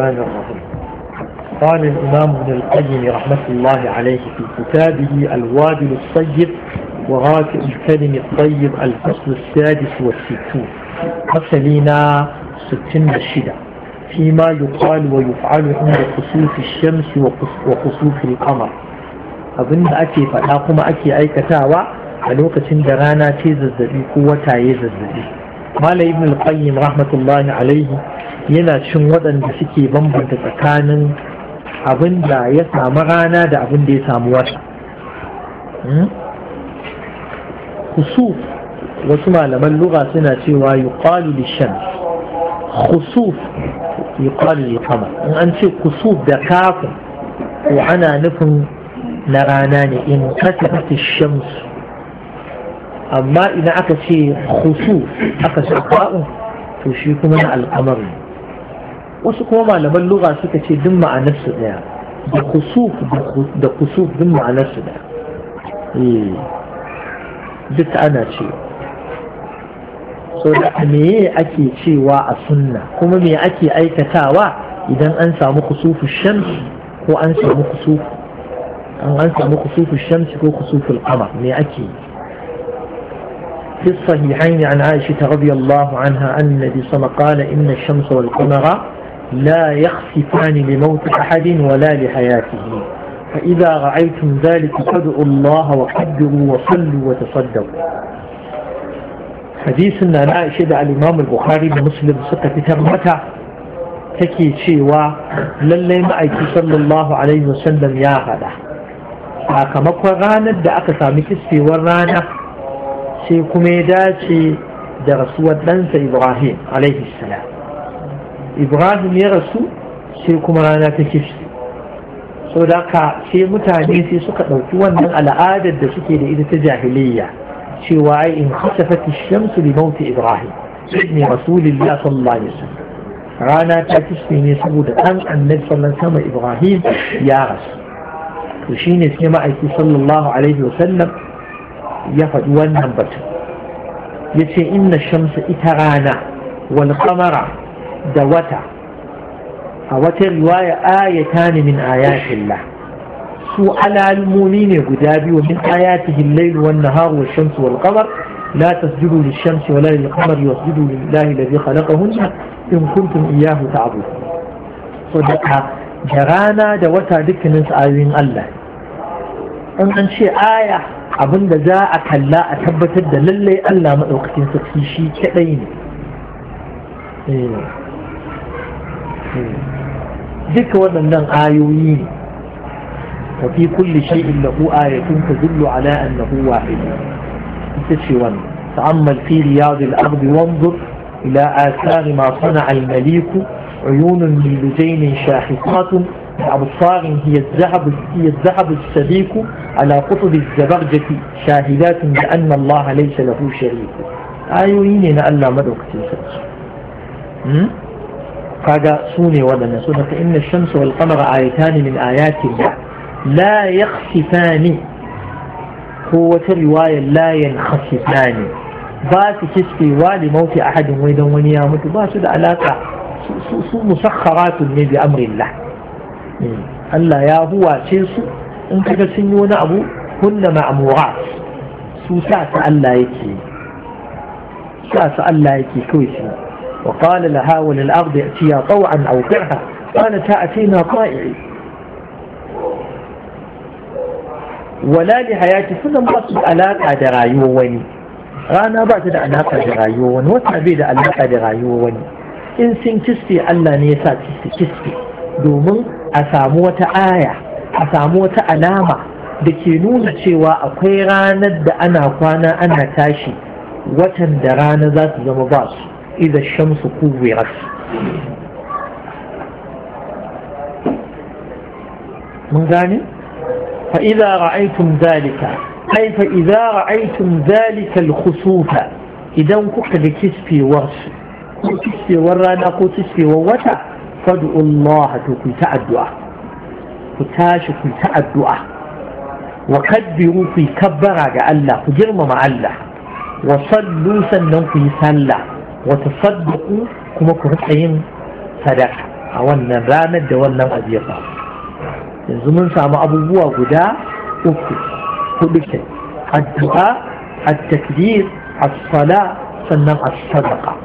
الرحمن الرحيم قال الإمام ابن القيم رحمة الله عليه في كتابه الوابل الطيب وغافئ الكلم الطيب الفصل السادس والستون فصلنا ستين الشدة فيما يقال ويفعل عند خسوف الشمس وخسوف القمر أظن أكي ake أكي أي كتاوى ألوك a تيز الزبي قوة ce الزبي قال ابن القيم رحمة الله عليه yana cin waɗanda suke bambanta tsakanin abin da ya samu rana da abin da ya samu wata khusuf wasu malaman lura suna cewa yuqalu lishams khusuf yuqalu lilqamar in an ce khusuf da kafin to ana nufin na rana ne in kasafat shams amma ina aka ce khusuf aka shi ce to shi kuma na alqamar ne wasu kuma malaman lura suka ce duk ma'anarsu daya da kusuf da kusuf duk ma'anarsu daya duk ana ce so da meye ake cewa a sunna kuma me ake aikatawa idan an samu kusufu shams ko an samu kusufu an an samu kusufu shams ko kusufu al'amar me ake في الصحيحين عن عائشة رضي الله عنها أن النبي صلى الله عليه وسلم قال إن الشمس والقمر لا يخسفان لموت أحد ولا لحياته فإذا رأيتم ذلك فادعوا الله وقدروا وصلوا وتصدقوا حديث النعناء شدع الإمام البخاري ومسلم ستة ترمتة تكي شيوا للي معي صلى الله عليه وسلم يا هذا sakamakon ranar da aka sami ورانا rana sai kuma ya dace da rasuwar ɗansa ibrahim ibrahim ya rasu sai kuma rana ta kishi so da ka sai mutane sai suka ɗauki wannan al'adar da suke da ita ta jahiliyya cewa ai in khasafat ash-shamsu li mawt ibrahim ibn rasulillah sallallahu alaihi wasallam rana ta kishi ne saboda ɗan annabi sallallahu alaihi wasallam ibrahim ya rasu to shine sai ma'aiki sallallahu alaihi wasallam ya faɗi wannan batun ce inna shamsa ita rana wal qamara da wata a wata riwaya ayata ne min ayatillah su alalmomi ne guda biyu min ayatihi al-layl wan nahar wa shamsu wal qamar la tasjudu lish-shamsi wa la lil-qamari wasjudu lillahi alladhi khalaqahunna in kuntum iyyahu ta'budun So da rana da wata dukkanin ayoyin Allah in an ce aya abinda za a kalla a tabbatar da lallai Allah maɗaukakin sarki shi kadai ne eh. ذكر hmm. waɗannan ayoyi ne وفي كل شيء له آية تدل على أنه واحد تشيوان تأمل في رياض الأرض وانظر إلى آثار ما صنع المليك عيون من لجين شاحصات أبصار هي الذهب هي الذهب السبيك على قطب الزبرجة شاهدات بأن الله ليس له شريك آيوين أن لا مدوك تنسى قال صوني ولم يصوم فإن الشمس والقمر آيتان من آيات الله لا يخسفان هو رواية لا ينخسفان باتي تسقي والي موت أحد وإذا ونيا موت باتي العلاقة مسخرات من بأمر الله ألا يا هو تشيس إن كذا سنون أبو كن معمورات سوسات ألا يكي سوسات ألا يكي كويسين وقال لها وللأرض ائتيا طوعا أو كرها قالت هأتينا طائعي ولا لحياتي فلا مقصد ألا قادر أيوني أنا بعد ذلك أنا قادر أيوني وتعبيد ألا قادر أيوني إن سنكستي ألا نيسا كستي كستي دومن أسامو تآية أسامو تألامة dake nuna cewa akwai ranar da ana kwana ana tashi watan إذا الشمس كورت من ثاني فإذا رأيتم ذلك أي فإذا رأيتم ذلك الخسوف إذا كنت لكسفي ورس كسفي ورانا كسفي ووتا فادعوا الله تكون تعدوا كتاش كن تعدوا وكبروا في كبرة الله كجرم مع الله وصلوا سنن في سلة وتصدقوا كما كنتين صدقة أولا رانت دولا أزيقا yanzu mun samu abubuwa guda uku hudu ke addu'a at-takbir as-sala sannan as-sadaqa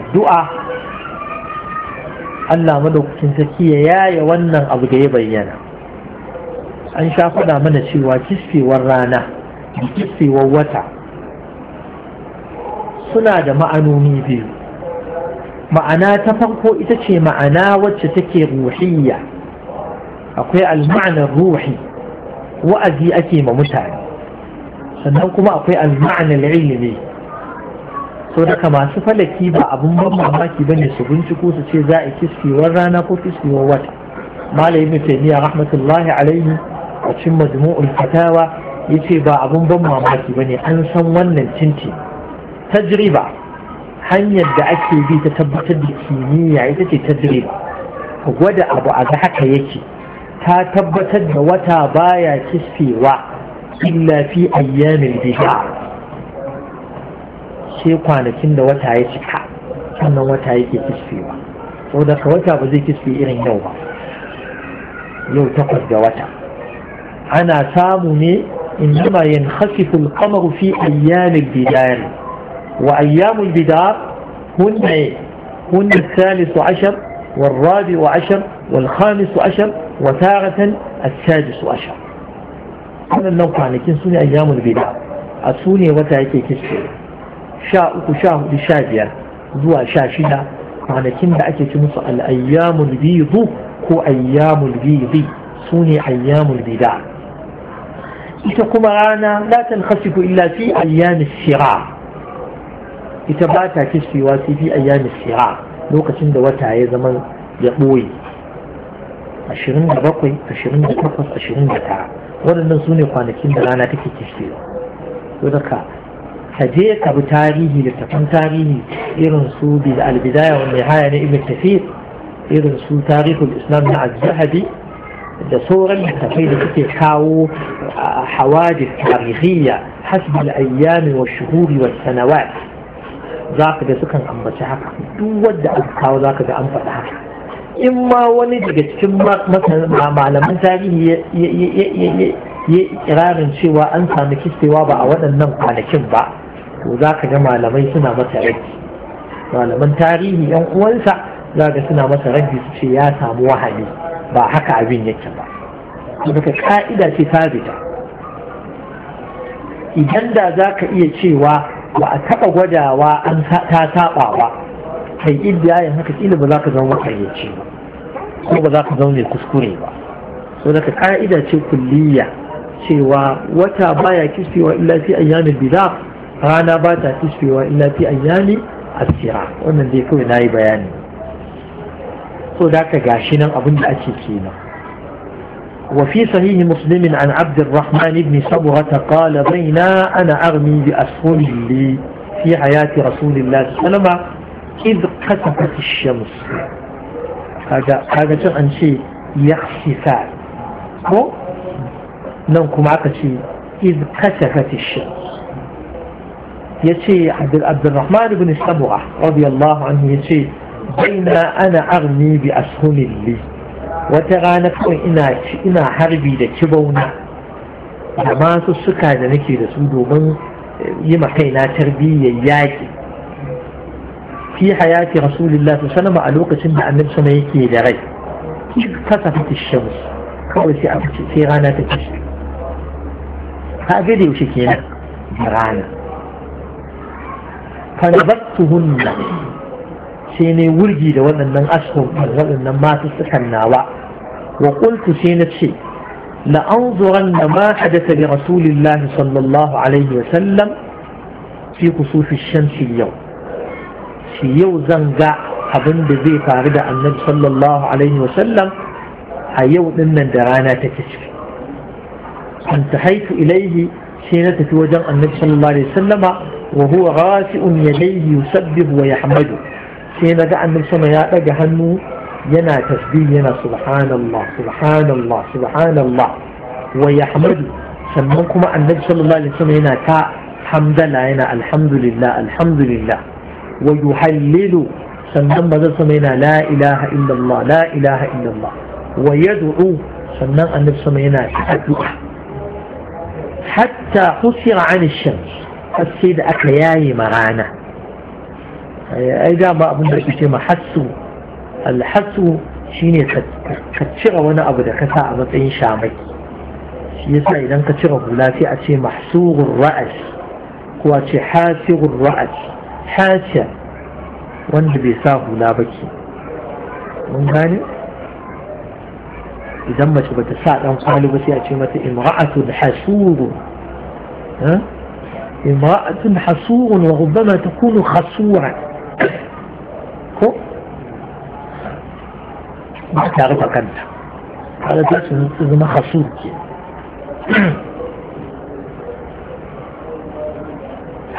addu'a Allah madaukakin sarki ya yaya wannan abu da ya bayyana an sha faɗa mana cewa kisfewar rana da kisfewar wata suna da ma'anoni biyu ma'ana ta farko ita ce ma'ana wacce take ruhiyya akwai al ruhi wa'azi ake ma mutane sannan kuma akwai al-ma'anar ilimi sau daga masu falaki ba abun ban mamaki bane su binciko su ce za a kiskewar rana ko kiskewar wata malai ibn rahmatullahi alaihi a cikin majmu'ul fatawa yace ba abun ban mamaki bane an san wannan tintin. تجربة هني الدعكي بي تتبت الكيمياء تتي تجربة ودا أبو أزحك يكي تتبت الدوتا بايا تسفي وا إلا في أيام البداع شيء قانا كن دوتا يسكا كن دوتا يكي تسفي وا ودا كوتا بزي تسفي إرين نوبا لو تقف دوتا أنا سامني إنما ينخسف القمر في أيام البداية وأيام البدار هن هن الثالث عشر والرابع عشر والخامس عشر وثاغة السادس عشر أنا النوقع لكن سوني أيام البدار أسوني وتعيكي كسر شاء أكو شاه زوا شاشنا أنا كن بأكي تمسع الأيام البيض هو أيام البيض سوني أيام البدار إذا كما أنا لا تنخسف إلا في أيام الشراء ita ba ta kishiwa sai fi ayyamin sira lokacin da wata ya zama ya boye 27 28 29 waɗannan su ne kwanakin da rana take kishiwa to daga ka je ka bi tarihi da littafin tarihi irin su bil albidaya wal nihaya na ibn kathir irin su tarihul islam na az-zahabi da sauran littafai da suke kawo hawadis tarihiyya hasbi al-ayyam wa shuhuri wa sanawat za ka ga sukan ambaci haka duk wadda aka kawo za ka ga an faɗi haka in ma wani daga cikin malaman tarihi ya ƙirarin cewa an sami kistewa ba a waɗannan kwanakin ba to za ka ga malamai suna masa rabi malaman tarihi yan uwansa za ga suna masa rabi su ce ya samu wahali ba haka abin yake ba daga ka'ida ce ta idan da za ka iya cewa ba a taɓa gwadawa an ta saɓa ba kai iddiyayin haka kila ba za ka zama makayyaci ba ko ba za ka zama mai kuskure ba so daga ka'ida ce kulliya cewa wata baya kisfewa illa fi ayyamin bila rana ba ta kisfewa illa fi ayyami asira wannan dai kawai na yi bayani so da ka gashi nan abin da ake kenan وفي صحيح مسلم عن عبد الرحمن بن صبغة قال بينا أنا أغمي بأسهم لي في حياة رسول الله صلى الله عليه وسلم إذ خسفت الشمس هذا هذا عن شيء يخسفان هو نوكم عقشي إذ خسفت الشمس يشي عبد الرحمن بن صبغة رضي الله عنه يشي بين أنا أغني بأسهم لي wata rana ina ina harbi da kibauna da masu suka da nake da su domin yi kaina tarbiyyar yaƙi fi hayati rasulillah su sanama a lokacin da annabi sama yake da rai kasa fi shams kawai sai ce rana ta ci ka ga da yaushe kenan rana fanabattuhunna sai ne wurgi da waɗannan ashur waɗannan masu sukan nawa وقلت في نفسي لأنظرن ما حدث لرسول الله صلى الله عليه وسلم في كسوف الشمس اليوم في يوم زنقع أبن بذي فارد النبي صلى الله عليه وسلم أيو من درانا تكشف انتهيت إليه سينة توجه النبي صلى الله عليه وسلم وهو غاسئ يديه يسبب ويحمده سينة النبي صلى الله عليه وسلم يا ينا تسبيح ينا سبحان الله سبحان الله سبحان الله ويحمد سمكم النبي صلى الله عليه وسلم ينا تا حمد الله ينا الحمد لله الحمد لله ويحلل سنن ماذا سمينا لا إله إلا الله لا إله إلا الله ويدعو سنن أن سمينا حتى خسر عن الشمس السيد أكياي مرانا أي دام أبن ما حسوا alhasu shine ka cire wani abu da ka sa a matsayin shamai shi yasa idan ka cire hula sai a ce mahsurur ra'as ko a ce hasirur ra'as hasir wanda bai sa hula ba ke mun gane idan mace bata sa dan kwali ba sai a ce mata imra'atun hasuru imra'atun hasurun wa rubbama takunu khasura ba ta rufe kanta kaga ta su zama hasu ke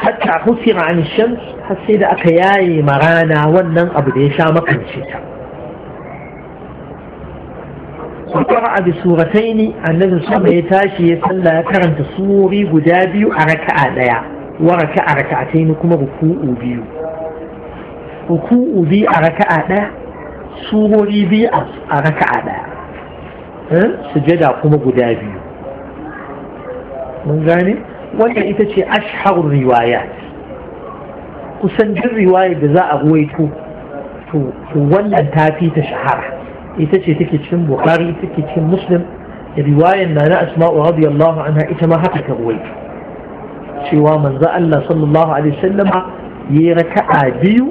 hatta husi an shams har sai da aka yaye marana wannan abu da ya sha makance ta وقرأ بسورتين النبي صلى الله عليه وسلم كرنت سوري قدابي أركع ليا وركع ركعتين كما ركوء بيو ركوء بي أركع ليا suhori biyu a raka'a ɗaya eh? sujada kuma guda biyu mun gane wannan ita ce ashharun riwaya kusan jin riwaya da za a ruwaito to wannan ta fi ta shahara ita ce take cikin bukari take cikin muslim riwayan na na asma'u radiyallahu anha ita ma haka ta ruwaito cewa manzo Allah sallallahu alaihi yayi raka'a biyu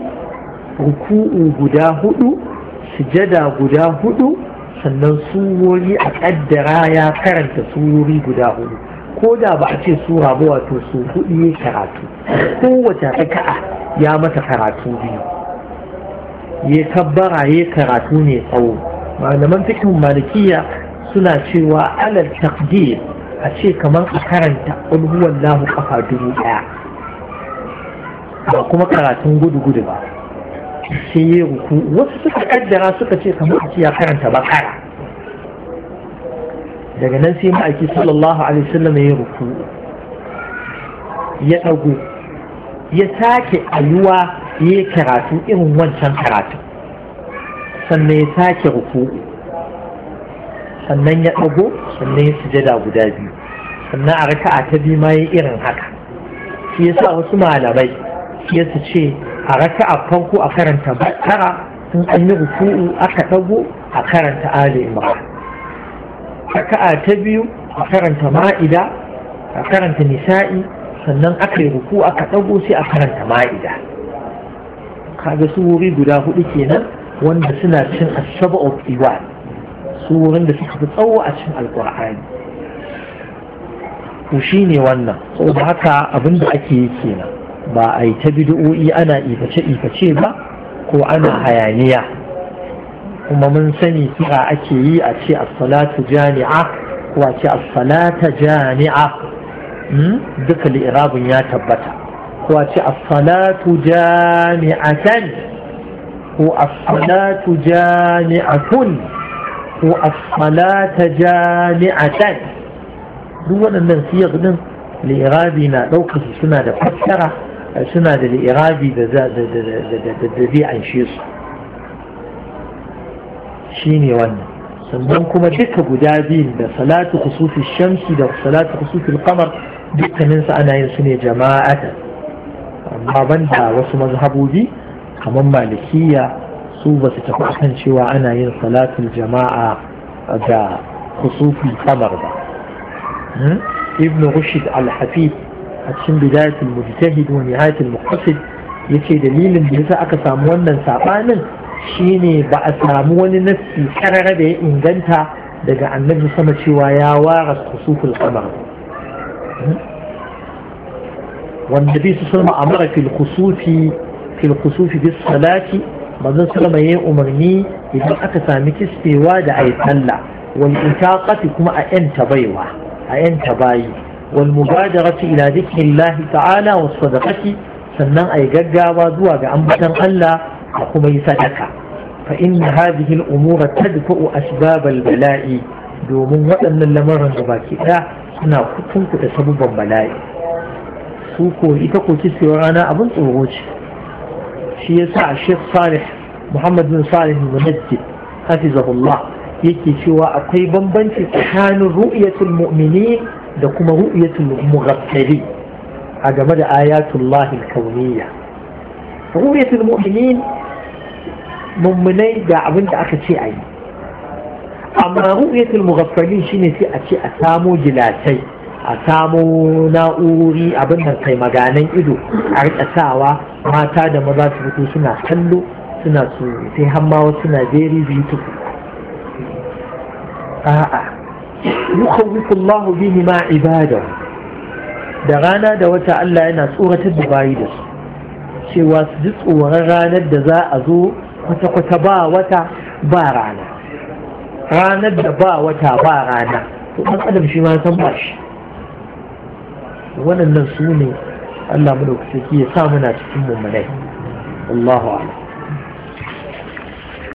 ruku'u guda hudu sujada guda hudu sannan surori a kaddara ya karanta surori guda hudu ko da ba a ce sura ba wato su hudu ya karatu kowace raka'a ya mata karatu biyu ya kabbara ya karatu ne tsawo malaman fikin malikiya suna cewa alal takdir a ce kamar a karanta ulhuwan lahu kafa dubu daya ba kuma karatun gudu gudu ba sai ya ruku wasu suka kaddara suka ce kamar ya karanta bakara daga nan sai ma'aiki sallallahu alaihi wasallam ya ruku ya dago ya sake ayuwa ya yi karatu irin wancan karatu sannan ya sake ruku sannan ya dago sannan ya sujada guda biyu sannan a raka'a ta biyu ma ya irin haka shi yasa wasu malamai ya ce a rasa a farko a karanta bakara sun an yi ruku'u aka ɗago a karanta ali imran raka'a ta biyu a karanta ma'ida a karanta nisa'i sannan aka yi ruku aka ɗago sai a karanta ma'ida kaga wuri guda hudu kenan wanda suna cin asaba of iwan wurin da suka fi tsawo a cin Ku shi ne wannan saboda haka abinda ake yi kenan ba a yi ta bidu'o'i ana iface-iface ba ko ana hayaniya kuma mun sani kira ake yi a ce as-salatu jami'a ko a ce as-salata jami'a duka li'irabun ya tabbata ko a ce as-salatu jami'atan ko as-salatu jami'atun ko as-salata jami'atan duk waɗannan siyar din li'irabi na ɗaukar suna da fassara سمع الإرادي بذيع عن شيص شيني وانا سمونكم دك قدادين بصلاة خصوص الشمس بصلاة خصوص القمر دك من سأنا ينسني جماعة ما بندا وسو مذهبو دي كمان مالكية صوبة تقوحن شوى أنا صلاة الجماعة دا خصوص القمر دا ابن رشد الحفيد a cikin bidayatul mujtahid wa nihayatul muqtasid yace dalilin da yasa aka samu wannan sabanin shine ba a samu wani nassi karara da ya inganta daga annabi sama cewa ya wara khusuful qamar wanda bi su sama amara fil khusufi fil khusufi bis salati manzon sallama yayin umarni idan aka sami kispewa da ayi sallah wal itaqati kuma a yanta baiwa a yanta bayi والمبادرة إلى ذكر الله تعالى والصدقة سنة أي ججا وزوى بأنبتا ألا وكما صدقة فإن هذه الأمور تدفئ أسباب البلاء دوم وأن اللمر باكي لا أنا كنت سببا بلاء سوكو إتقو تسير أنا أبنت تروج شيء ساعة الشيخ صالح محمد بن صالح المنجد حفظه الله يكي شواء قيبا bambanci tsakanin رؤية المؤمنين da kuma ru'yatul mughaffali a game da ayatullahi kauniyya ru'yatul mu'minin mummunai da abin da aka ce a yi amma ru'yatul mughaffali shine sai a ce a samo gilatai a samo na'urori abin da kai maganan ido a rika sawa mata da maza su fito suna kallo suna su sai hammawa suna very beautiful a'a يخوف الله بهما عباده da rana da wata Allah yana tsoratar da bayi da su cewa su ji tsoron ranar da za a zo kwata-kwata ba wata ba rana ranar da ba wata ba rana to ɗan adam shi ma san ba shi waɗannan su ne Allah mu da ya sa muna cikin mummunai Allahu a'lam